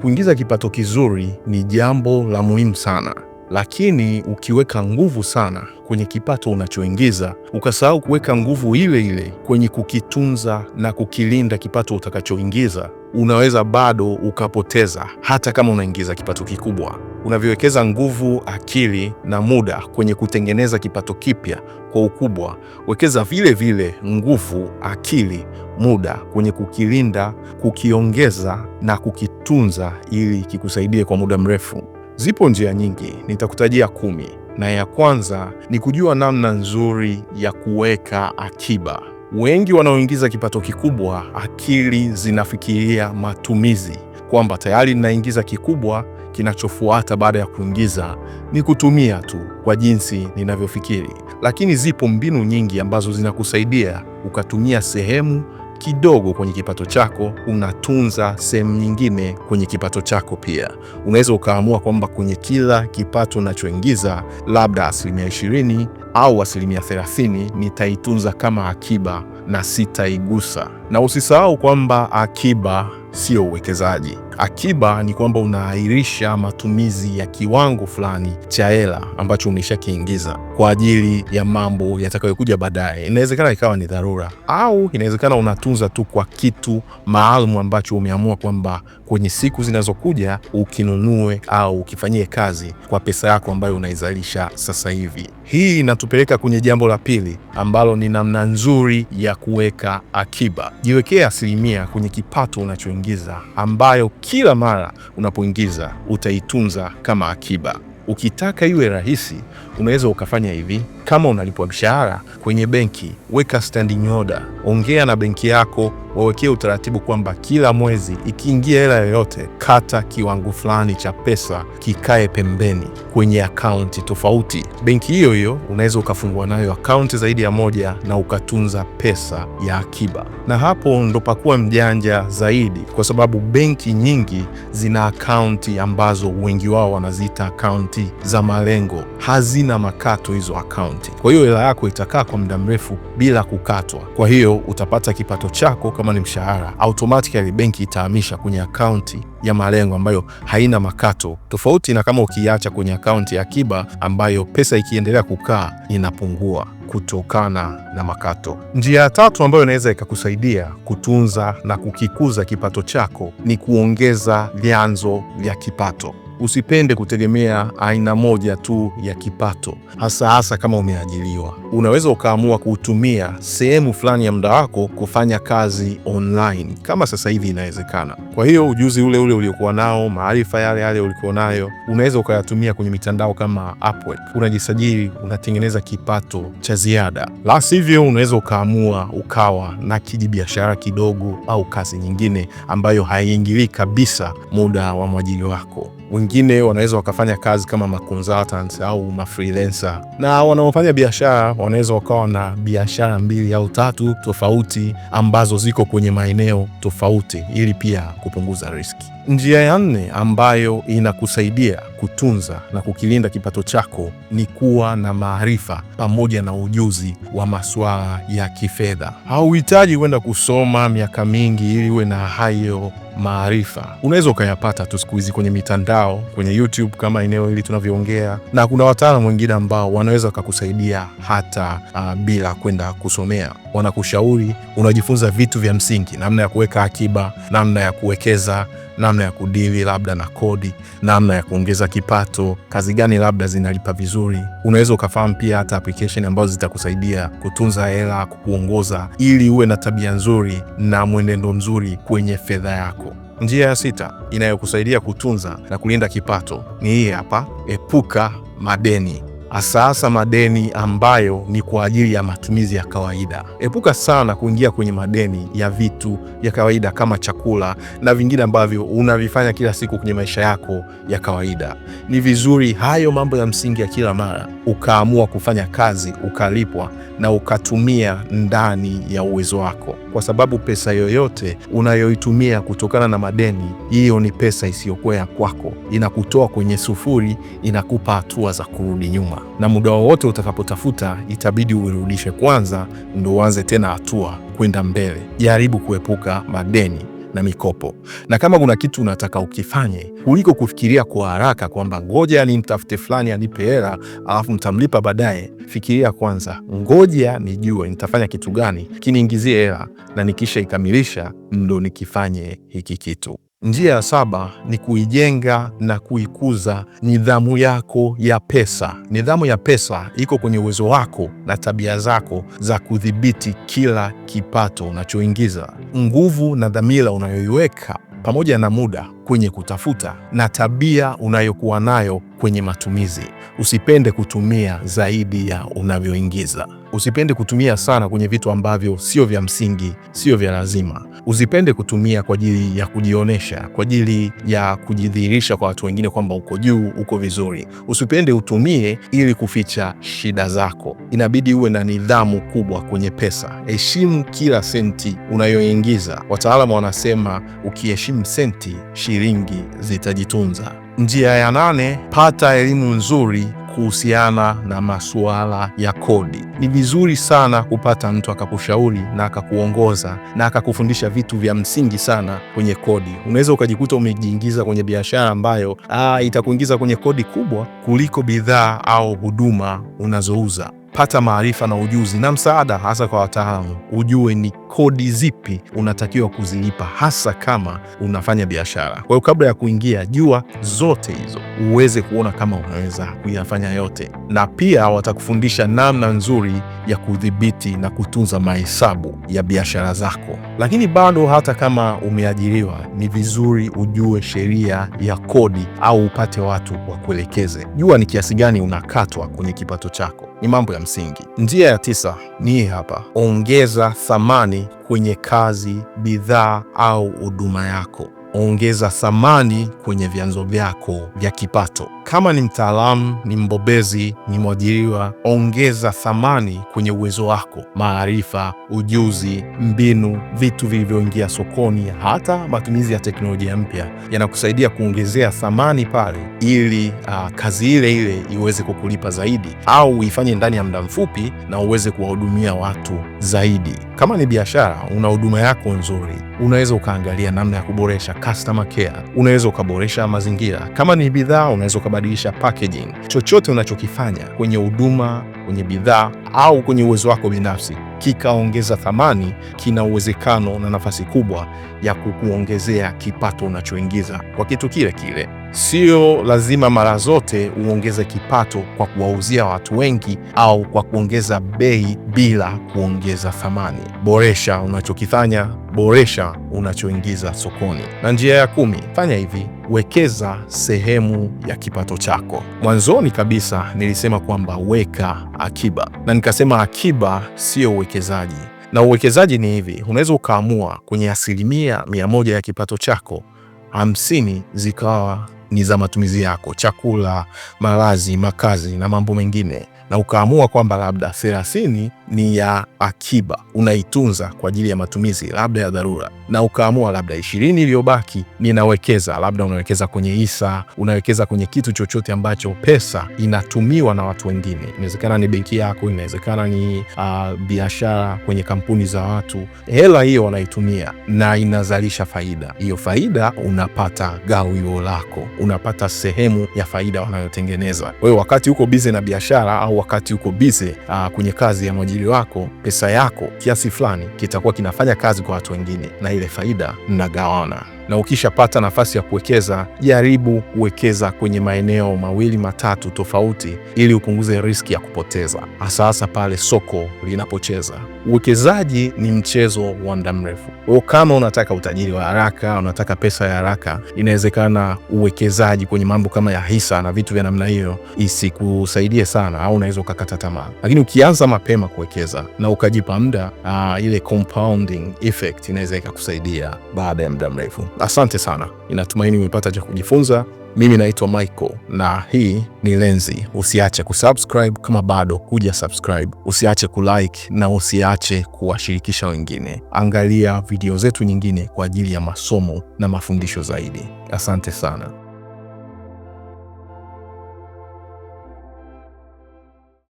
Kuingiza kipato kizuri ni jambo la muhimu sana, lakini ukiweka nguvu sana kwenye kipato unachoingiza ukasahau kuweka nguvu ile ile kwenye kukitunza na kukilinda kipato utakachoingiza unaweza bado ukapoteza hata kama unaingiza kipato kikubwa. Unavyowekeza nguvu, akili na muda kwenye kutengeneza kipato kipya kwa ukubwa, wekeza vile vile nguvu, akili, muda kwenye kukilinda, kukiongeza na kukitunza ili kikusaidie kwa muda mrefu. Zipo njia nyingi, nitakutajia kumi, na ya kwanza ni kujua namna nzuri ya kuweka akiba wengi wanaoingiza kipato kikubwa, akili zinafikiria matumizi, kwamba tayari ninaingiza kikubwa, kinachofuata baada ya kuingiza ni kutumia tu kwa jinsi ninavyofikiri. Lakini zipo mbinu nyingi ambazo zinakusaidia ukatumia sehemu kidogo kwenye kipato chako, unatunza sehemu nyingine kwenye kipato chako. Pia unaweza ukaamua kwamba kwenye kila kipato unachoingiza labda asilimia ishirini au asilimia 30 nitaitunza kama akiba na sitaigusa. Na usisahau kwamba akiba sio uwekezaji. Akiba ni kwamba unaahirisha matumizi ya kiwango fulani cha hela ambacho umeshakiingiza kwa ajili ya mambo yatakayokuja baadaye. Inawezekana ikawa ni dharura, au inawezekana unatunza tu kwa kitu maalum ambacho umeamua kwamba kwenye siku zinazokuja ukinunue au ukifanyie kazi kwa pesa yako ambayo unaizalisha sasa hivi. Hii inatupeleka kwenye jambo la pili ambalo ni namna nzuri ya kuweka akiba. Jiwekee asilimia kwenye kipato unachoingia kuingiza, ambayo kila mara unapoingiza utaitunza kama akiba. Ukitaka iwe rahisi Unaweza ukafanya hivi: kama unalipwa mshahara kwenye benki, weka standing order, ongea na benki yako, wawekee utaratibu kwamba kila mwezi ikiingia hela yoyote, kata kiwango fulani cha pesa kikae pembeni kwenye akaunti tofauti. Benki hiyo hiyo unaweza ukafungua nayo akaunti zaidi ya moja na ukatunza pesa ya akiba, na hapo ndo pakuwa mjanja zaidi, kwa sababu benki nyingi zina akaunti ambazo wengi wao wanaziita akaunti za malengo hazi hazina makato hizo akaunti. Kwa hiyo hela yako itakaa kwa muda mrefu bila kukatwa, kwa hiyo utapata kipato chako kama ni mshahara, automatically benki itahamisha kwenye akaunti ya malengo ambayo haina makato, tofauti na kama ukiacha kwenye akaunti ya akiba ambayo pesa ikiendelea kukaa inapungua kutokana na makato. Njia ya tatu ambayo inaweza ikakusaidia kutunza na kukikuza kipato chako ni kuongeza vyanzo vya kipato. Usipende kutegemea aina moja tu ya kipato, hasa hasa kama umeajiliwa. Unaweza ukaamua kutumia sehemu fulani ya muda wako kufanya kazi online, kama sasa hivi inawezekana. Kwa hiyo ujuzi ule ule uliokuwa nao, maarifa yale yale ulikuwa nayo, unaweza ukayatumia kwenye mitandao kama Upwork. Unajisajili, unatengeneza kipato cha ziada, la sivyo unaweza ukaamua ukawa na kijibiashara kidogo au kazi nyingine ambayo haiingilii kabisa muda wa mwajiri wako wengine wanaweza wakafanya kazi kama maconsultants au mafreelancer, na wanaofanya biashara wanaweza wakawa na biashara mbili au tatu tofauti ambazo ziko kwenye maeneo tofauti, ili pia kupunguza riski. Njia ya nne ambayo inakusaidia kutunza na kukilinda kipato chako ni kuwa na maarifa pamoja na ujuzi wa masuala ya kifedha. Hauhitaji kwenda kusoma miaka mingi ili uwe na hayo maarifa unaweza ukayapata tu siku hizi kwenye mitandao, kwenye YouTube kama eneo hili tunavyoongea, na kuna wataalamu wengine ambao wanaweza wakakusaidia hata uh, bila kwenda kusomea. Wanakushauri, unajifunza vitu vya msingi, namna ya kuweka akiba, namna ya kuwekeza namna ya kudili labda na kodi, namna ya kuongeza kipato, kazi gani labda zinalipa vizuri. Unaweza ukafahamu pia hata application ambazo zitakusaidia kutunza hela, kukuongoza ili uwe na tabia nzuri na mwenendo mzuri kwenye fedha yako. Njia ya sita inayokusaidia kutunza na kulinda kipato ni hii hapa: epuka madeni hasahasa madeni ambayo ni kwa ajili ya matumizi ya kawaida. Epuka sana kuingia kwenye madeni ya vitu vya kawaida kama chakula na vingine ambavyo unavifanya kila siku kwenye maisha yako ya kawaida. Ni vizuri hayo mambo ya msingi ya kila mara ukaamua kufanya kazi, ukalipwa na ukatumia ndani ya uwezo wako, kwa sababu pesa yoyote unayoitumia kutokana na madeni, hiyo ni pesa isiyokuwa ya kwako, inakutoa kwenye sufuri, inakupa hatua za kurudi nyuma na muda wowote utakapotafuta itabidi uirudishe kwanza, ndo uanze tena hatua kwenda mbele. Jaribu kuepuka madeni na mikopo. Na kama kuna kitu unataka ukifanye, kuliko kufikiria kwa haraka kwamba ngoja nimtafute fulani anipe hela alafu ntamlipa baadaye, fikiria kwanza, ngoja nijue nitafanya kitu gani kiniingizie hela, na nikisha ikamilisha ndo nikifanye hiki kitu. Njia ya saba ni kuijenga na kuikuza nidhamu yako ya pesa. Nidhamu ya pesa iko kwenye uwezo wako na tabia zako za kudhibiti kila kipato unachoingiza. Nguvu na dhamira unayoiweka pamoja na muda kwenye kutafuta na tabia unayokuwa nayo kwenye matumizi. Usipende kutumia zaidi ya unavyoingiza. Usipende kutumia sana kwenye vitu ambavyo sio vya msingi, sio vya lazima usipende kutumia kwa ajili ya kujionyesha, kwa ajili ya kujidhihirisha kwa watu wengine kwamba uko juu, uko vizuri. Usipende utumie ili kuficha shida zako. Inabidi uwe na nidhamu kubwa kwenye pesa. Heshimu kila senti unayoingiza. Wataalamu wanasema ukiheshimu senti, shilingi zitajitunza. Njia ya nane, pata elimu nzuri kuhusiana na masuala ya kodi. Ni vizuri sana kupata mtu akakushauri na akakuongoza na akakufundisha vitu vya msingi sana kwenye kodi. Unaweza ukajikuta umejiingiza kwenye biashara ambayo aa, ah, itakuingiza kwenye kodi kubwa kuliko bidhaa au huduma unazouza pata maarifa na ujuzi na msaada, hasa kwa wataalamu, ujue ni kodi zipi unatakiwa kuzilipa, hasa kama unafanya biashara. Kwa hiyo kabla ya kuingia, jua zote hizo uweze kuona kama unaweza kuyafanya yote, na pia watakufundisha namna nzuri ya kudhibiti na kutunza mahesabu ya biashara zako. Lakini bado hata kama umeajiriwa, ni vizuri ujue sheria ya kodi au upate watu wakuelekeze, jua ni kiasi gani unakatwa kwenye kipato chako. Ni mambo ya msingi. Njia ya tisa ni hii hapa: ongeza thamani kwenye kazi, bidhaa au huduma yako. Ongeza thamani kwenye vyanzo vyako vya kipato. Kama ni mtaalamu, ni mbobezi, ni mwajiriwa, ongeza thamani kwenye uwezo wako, maarifa, ujuzi, mbinu, vitu vilivyoingia sokoni. Hata matumizi ya teknolojia mpya yanakusaidia kuongezea thamani pale, ili uh, kazi ile ile iweze kukulipa zaidi, au uifanye ndani ya muda mfupi na uweze kuwahudumia watu zaidi. Kama ni biashara, una huduma yako nzuri, unaweza ukaangalia namna ya kuboresha customer care, unaweza ukaboresha mazingira. Kama ni bidhaa, unaweza ukabadilisha packaging. Chochote unachokifanya kwenye huduma, kwenye bidhaa au kwenye uwezo wako binafsi kikaongeza thamani, kina uwezekano na nafasi kubwa ya kukuongezea kipato unachoingiza kwa kitu kile kile. Sio lazima mara zote uongeze kipato kwa kuwauzia watu wengi au kwa kuongeza bei bila kuongeza thamani. Boresha unachokifanya, boresha unachoingiza sokoni. Na njia ya kumi, fanya hivi: wekeza sehemu ya kipato chako. Mwanzoni kabisa nilisema kwamba weka akiba, na nikasema akiba sio uwekezaji. Na uwekezaji ni hivi, unaweza ukaamua kwenye asilimia mia moja ya kipato chako hamsini zikawa ni za matumizi yako: chakula, malazi, makazi na mambo mengine na ukaamua kwamba labda thelathini ni ya akiba, unaitunza kwa ajili ya matumizi labda ya dharura, na ukaamua labda ishirini iliyobaki ninawekeza, labda unawekeza kwenye hisa, unawekeza kwenye kitu chochote ambacho pesa inatumiwa na watu wengine. Inawezekana ni benki yako, inawezekana ni uh, biashara kwenye kampuni za watu. Hela hiyo wanaitumia na inazalisha faida. Hiyo faida unapata gawio lako, unapata sehemu ya faida wanayotengeneza. Kwa hiyo wakati huko bize na biashara au wakati uko bize ah, kwenye kazi ya mwajiri wako, pesa yako kiasi fulani kitakuwa kinafanya kazi kwa watu wengine, na ile faida mnagawana na ukishapata nafasi ya kuwekeza, jaribu kuwekeza kwenye maeneo mawili matatu tofauti, ili upunguze riski ya kupoteza, hasa hasa pale soko linapocheza. Uwekezaji ni mchezo wa muda mrefu. o kama unataka utajiri wa haraka, unataka pesa ya haraka, inawezekana uwekezaji kwenye mambo kama ya hisa na vitu vya namna hiyo isikusaidie sana, au unaweza ukakata tamaa. Lakini ukianza mapema kuwekeza na ukajipa muda, ah, ile compounding effect inaweza ikakusaidia baada ya muda mrefu. Asante sana, inatumaini umepata cha kujifunza. Mimi naitwa Michael na hii ni Lenzi. Usiache kusubscribe kama bado huja subscribe, usiache kulike na usiache kuwashirikisha wengine. Angalia video zetu nyingine kwa ajili ya masomo na mafundisho zaidi. Asante sana.